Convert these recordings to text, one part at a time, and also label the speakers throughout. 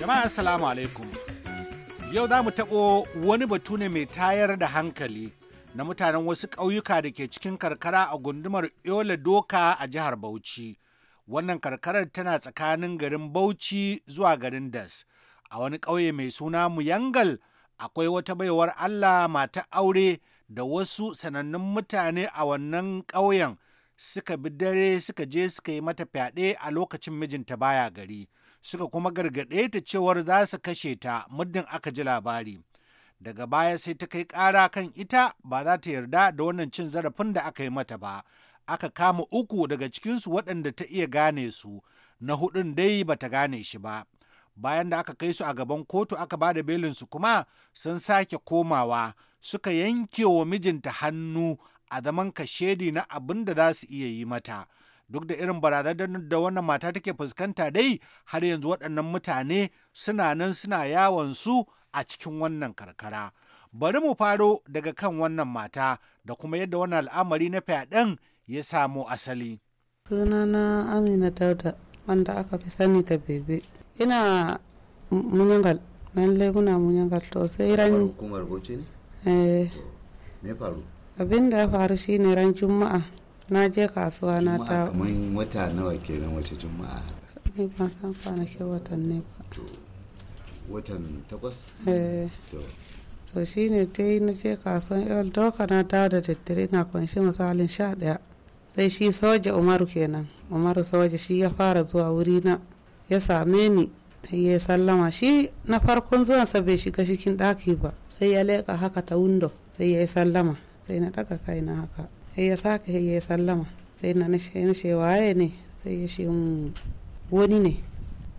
Speaker 1: Jama'a assalamu alaikum. Yau za mu taɓo wani batu ne mai tayar da hankali na mutanen wasu ƙauyuka da ke cikin karkara a gundumar Yola Doka a jihar Bauchi. Wannan karkarar tana tsakanin garin Bauchi zuwa garin Das. A wani ƙauye mai suna Muyangal akwai wata baiwar Allah mata aure da wasu sanannun mutane a wannan ƙauyen suka bi dare suka je suka yi mata fyaɗe a lokacin mijinta baya gari. suka kuma gargaɗe ta cewar za su kashe ta muddin aka ji labari. Daga baya sai ta kai ƙara kan ita ba za ta yarda da wannan cin zarafin da aka yi mata ba. Aka kama uku daga cikinsu waɗanda ta iya gane su, na hudun dai ba ta gane shi ba. Bayan da aka kai su a gaban kotu aka ba da su kuma sun sake komawa suka yanke wa mijinta hannu a zaman kashedi na abin da za su iya yi mata. duk da irin barazanar da wannan mata take fuskanta dai har yanzu waɗannan mutane suna nan suna yawon su a cikin wannan karkara bari mu faro daga kan wannan mata da kuma yadda wannan al'amari na fyaɗen ya samo asali
Speaker 2: sunana amina dauda wanda aka fi sani da bebe ina munyangal lallai muna munyangal to sai ran ne eh me faru abin da ya faru shine ran juma'a na je kasuwa na ta
Speaker 3: kamar wata nawa kenan wace juma'a
Speaker 2: ni ban san kwanakin watan ne ba
Speaker 3: watan takwas eh.
Speaker 2: to shi ne ta yi na je kasuwan yawon doka na ta da tattare na kunshi misalin sha ɗaya sai shi soja umaru kenan umaru soja shi ya fara zuwa wuri na ya same ni ya sallama shi na farkon zuwansa bai shiga cikin ɗaki ba sai ya leka haka ta windo sai ya yi sallama sai na ɗaga na haka ya saka ya sallama sai na nashe waye ne sai ya wani ne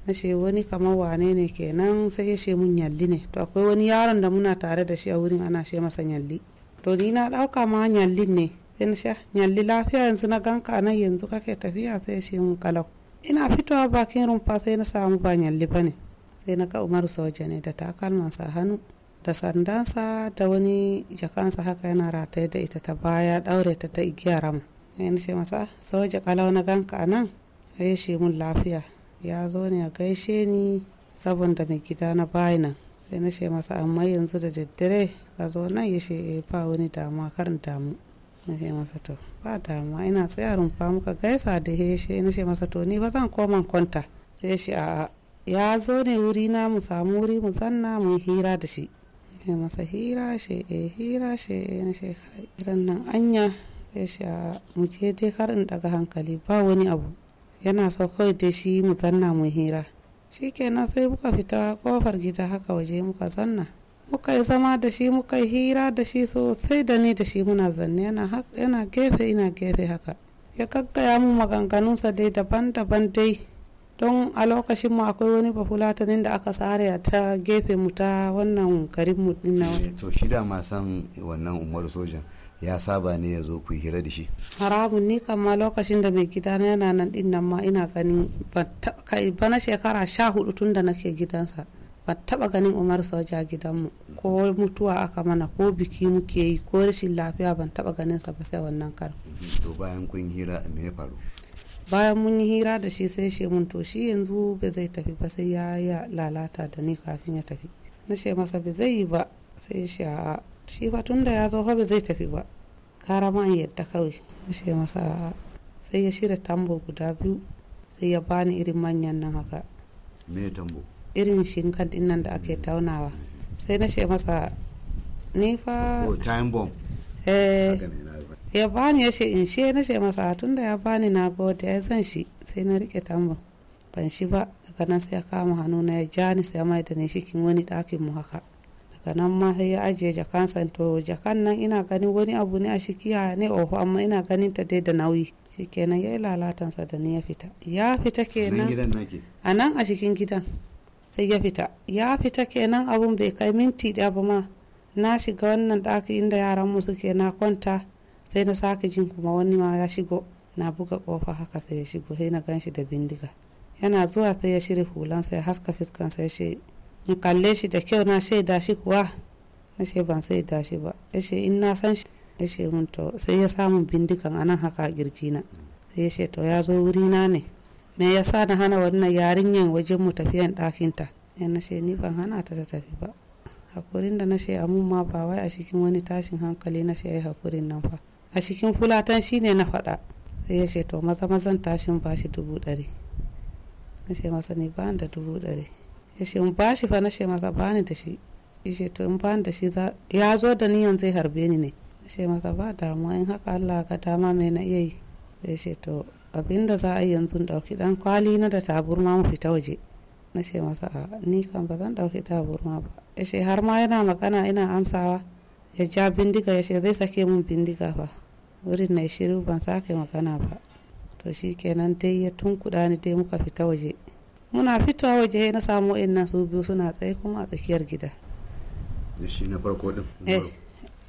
Speaker 2: na ce wani kamar wane ne kenan sai ya mun yalli ne to akwai wani yaron da muna tare da shi a wurin ana she masa yalli to ni na ɗauka ma yallin ne sai sha ah, yalli lafiya yanzu na ganka nan yanzu kake tafiya sai ya mun kalau ina fitowa bakin rumfa sai na samu ba yalli bane sai na ka umaru soja ne da takalman sa hannu da sandansa da wani jakansa haka yana rataye da ita ta baya daure ta ta igiya ramu ah, ya ce masa sauje kalau na ganka a nan ya shi mun lafiya ya zo ne a gaishe ni saboda mai gida na bayi nan sai na ce masa amma yanzu da daddare ka zo nan ya ce eh, ba wani damuwa karin damu na ce masa to ba damuwa ina tsaya rumfa muka gaisa da ya ce na ce masa to ni ba zan koma kwanta sai shi a'a ya zo ne wuri na mu samu wuri mu zanna mu hira da shi Mai masa hira shi e hira shi e na shekara nan anya ya sha mu dai karin in daga hankali ba wani abu yana so kawai da shi mu zanna mu hira kenan sai muka fita kofar gida haka waje muka zanna muka yi zama da shi muka yi hira da shi sosai da ni da shi muna zanne yana gefe ina gefe haka ya gaggaya mu maganganunsa dai daban-daban dai don a lokacin mu akwai wani bafulatanin da aka sare ta gefe mu ta wannan garin mu din na eh,
Speaker 3: to shi da ma san wannan umaru sojan ya saba ne ya zo ku hira da shi
Speaker 2: haramun ni kama lokacin da mai gida na yana nan din nan ma ina ganin bana shekara sha hudu tun da nake gidansa ba taba ganin umar soja gidanmu ko mutuwa aka mana ko biki muke yi ko rashin lafiya ban taba ganin sa ba sai wannan kar
Speaker 3: to bayan kun hira me ya faru
Speaker 2: bayan mun yi hira da shi sai shi mun to shi yanzu ba zai tafi ba sai ya ya lalata da ni kafin ya tafi na ce masa ba zai yi ba sai shi a shi ba tun da ya zo ba zai tafi ba kara ma yadda kawai na ce masa sai ya shirya tambo guda biyu sai ya bani irin manyan nan haka me tambo irin shinkan din nan da ake mm. taunawa sai na ce masa ni fa oh, time bomb eh ya bani ya ce in she na she masa tun da ya bani na bauta ya zan shi sai na rike tambon ban shi ba daga nan sai ya kama hannu na ya ja ni sai mai da ne shikin wani dakin mu haka daga nan ma sai ya ajiye jakan to jakan nan ina ganin wani abu ne a shikiya ne oho amma ina ganin ta dai da nauyi shikenan ya yi lalatansa da ni ya fita ya fita kenan a nan a cikin gidan sai ya fita ya fita kenan abun bai kai minti daya ba ma na shiga wannan daki inda yaran mu suke na kwanta sai na sake jin kuma wani ma ya shigo na buga kofa haka sai ya shigo sai na gan shi da bindiga yana zuwa sai ya shirya hulansa ya haska fiskansa ya shi. in kalle shi da kyau na shaida shi kuwa na ce ban sai shi ba ya ce in na san shi ya ce mun to sai ya samu bindigan anan haka girji na sai ya to ya zo wuri na ne me ya sa na hana wannan yarinyan wajen mu tafiyan ɗakinta ya na ce ni ban hana ta da tafi ba hakurin da na ce mun ma ba wai a cikin wani tashin hankali na ce ai hakurin nan fa a cikin fulatan shi ne na faɗa sai ya ce to maza mazan tashin bashi dubu ɗari na ce masa ni ba da dubu ɗari ya ce ba shi fa na ce masa ba ni da shi ya ce to in ba ni da shi ya zo da niyan zai harbe ni ne na ce masa ba damuwa in haka Allah ka dama mai na iya yi ya ce to abin da za a yi yanzu ɗauki ɗan kwali na da taburma mu fita waje na ce masa a ni kan ba zan ɗauki taburma ba ya ce har ma yana magana ina amsawa ya ja bindiga ya ce zai sake mun bindiga fa wurin na shiru ban sake magana ba to shi kenan dai ya tunkuɗa ni dai muka fita waje muna fitowa waje na samu nan su biyu suna tsaye kuma a tsakiyar gida
Speaker 3: da shi na farko din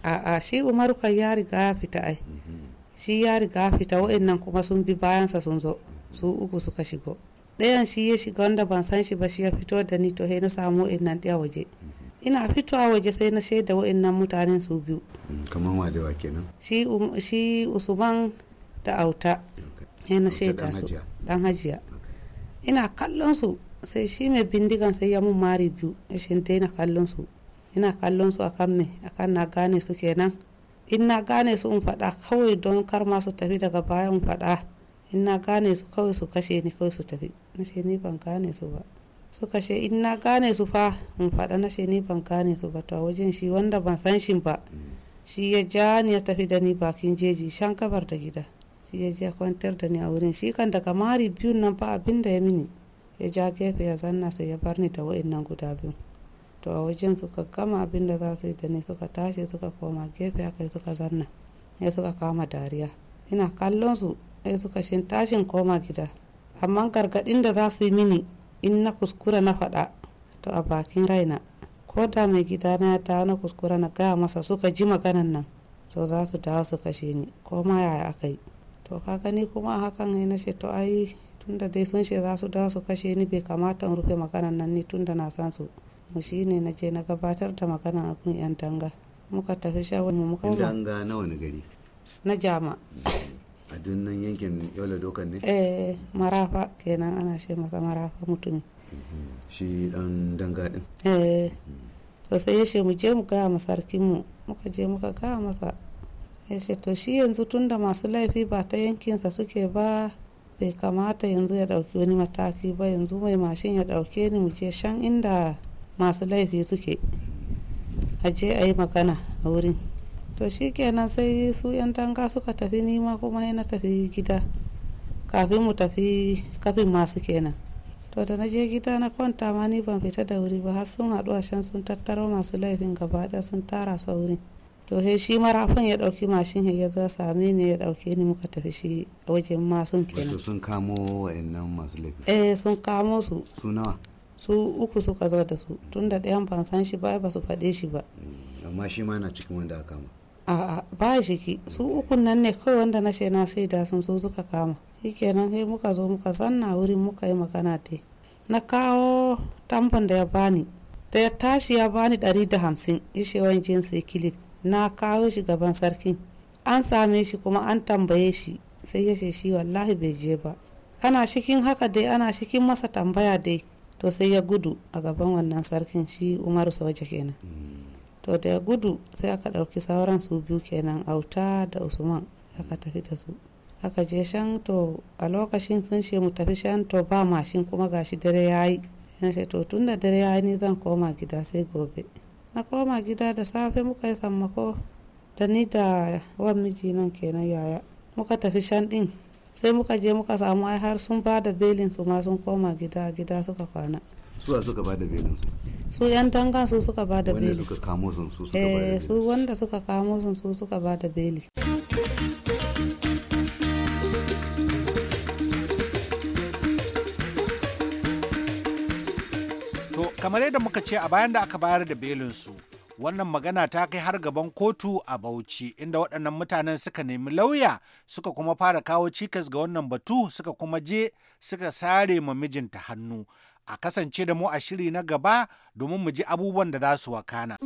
Speaker 2: a a shi umaru kan ya riga ya fita ai mm-hmm. shi ya riga ya fita wa'annan kuma sun bi bayansa sun zo su uku suka shigo ɗayan shi ya shiga wanda ban san shi ba shi ya fito da ni to na samu nan ɗaya waje ina fitowa waje sai na shaida wa'annan mutanen su biyu
Speaker 3: mm, kamar wa dawa kenan
Speaker 2: um, shi usman da auta sai na shaida su dan hajiya ina kallon su sai shi mai bindigan sai ya mun mari biyu ya shinta ina kallon su ina kallon su akan me akan na gane su kenan in na gane su in faɗa kawai don kar ma su tafi daga baya in faɗa in na gane su kawai su kashe ni kawai su tafi na ce ni ban gane su ba suka ce in na gane su fa in faɗa na ce ni ban gane su ba to wajen shi wanda ban san shi ba shi ya ja ni ya tafi da ni bakin jeji shan kabar da gida shi ya je kwantar da ni a wurin shi kan daga mari biyun nan fa abin da ya mini ya ja gefe ya zanna sai ya bar ni da wa'innan guda biyu to a wajen suka gama abin da za su yi da ni suka tashi suka koma gefe aka suka zanna ya suka kama dariya ina kallon su sai suka shin tashin koma gida amma gargadin da za su yi mini in na kuskura na faɗa to a bakin raina ko da mai gida na ya dawo na kuskura na gaya masa suka ji maganan nan to za su dawo su kashe ni ko ma yaya aka yi to ka gani kuma hakan ne na to ai tunda dai sun shi za su dawo su kashe ni bai kamata in rufe maganan nan ni tunda na san su mu shi ne na je na gabatar da maganan a kun yan danga muka tafi shawarar mu muka na na jama mm.
Speaker 3: a dunnan yankin yola dokan ne
Speaker 2: eh marafa kenan ana ce masa marafa mutumi mm-hmm.
Speaker 3: shi dan dangadin
Speaker 2: eh mm. to sai ya mu je mu gaya masa sarkin mu muka je muka gaya masa ya ce to shi yanzu tunda masu laifi ba ta yankinsa suke ba bai kamata yanzu ya dauki wani mataki ba yanzu mai mashin ya dauke ni mu je shan inda masu laifi suke a je a yi magana a wurin to shi kenan sai su 'yan tanga suka tafi nima kuma yana tafi gida kafin mu tafi kafin masu kenan to da na je gida na kwanta ma ni ban fita da wuri ba har sun haɗu a shan sun tattaro masu laifin gaba ɗaya sun tara su wuri to sai shi marafin ya ɗauki mashin ya zo same ni ya ɗauke ni muka tafi shi a wajen masun
Speaker 3: kenan sun kamo wa'annan masu laifin
Speaker 2: eh sun kamo su su nawa su uku suka zo da su tun da ɗayan ban san shi ba ba su faɗe shi ba
Speaker 3: mm, amma shi ma na cikin wanda aka kama
Speaker 2: a'a ba shiki su ukun nan ne kawai wanda na na sai da sun su suka kama shikenan sai muka zo muka zanna wurin muka yi magana te na kawo tambon da ya bani da ya tashi ya bani dari da hamsin wani jinsi kilif na kawo shi gaban sarkin an same shi kuma an tambaye shi sai ya shi wallahi bai je ba ana shikin haka dai ana cikin masa tambaya dai to sai ya gudu a gaban wannan sarkin shi umaru soja kenan mm. to da ya gudu sai aka ɗauki sauran su biyu kenan auta da usman aka tafi da su aka je shan to a lokacin sun ce mu tafi shan to ba mashin kuma gashi dare ya yi ce to tun da dare ya yi ni zan koma gida sai gobe na koma gida da safe muka yi sammako da ni da wan miji nan kenan yaya muka tafi shan din sai muka je muka samu ai har sun ba da belin su ma sun koma gida gida suka kwana
Speaker 3: suwa suka da belin su
Speaker 2: su yan tanga su suka ba beli belin suka
Speaker 3: kamo sun su suka eh,
Speaker 2: su wanda suka kamo sun su suka ba da beli
Speaker 1: to kamar yadda muka ce a bayan da aka bayar da belin su wannan magana ta kai har gaban kotu a Bauchi inda waɗannan mutanen suka nemi lauya suka kuma fara kawo cikas ga wannan batu suka kuma je suka sare ma mijinta hannu a kasance da mu a shiri na gaba domin mu ji abubuwan da za su wakana.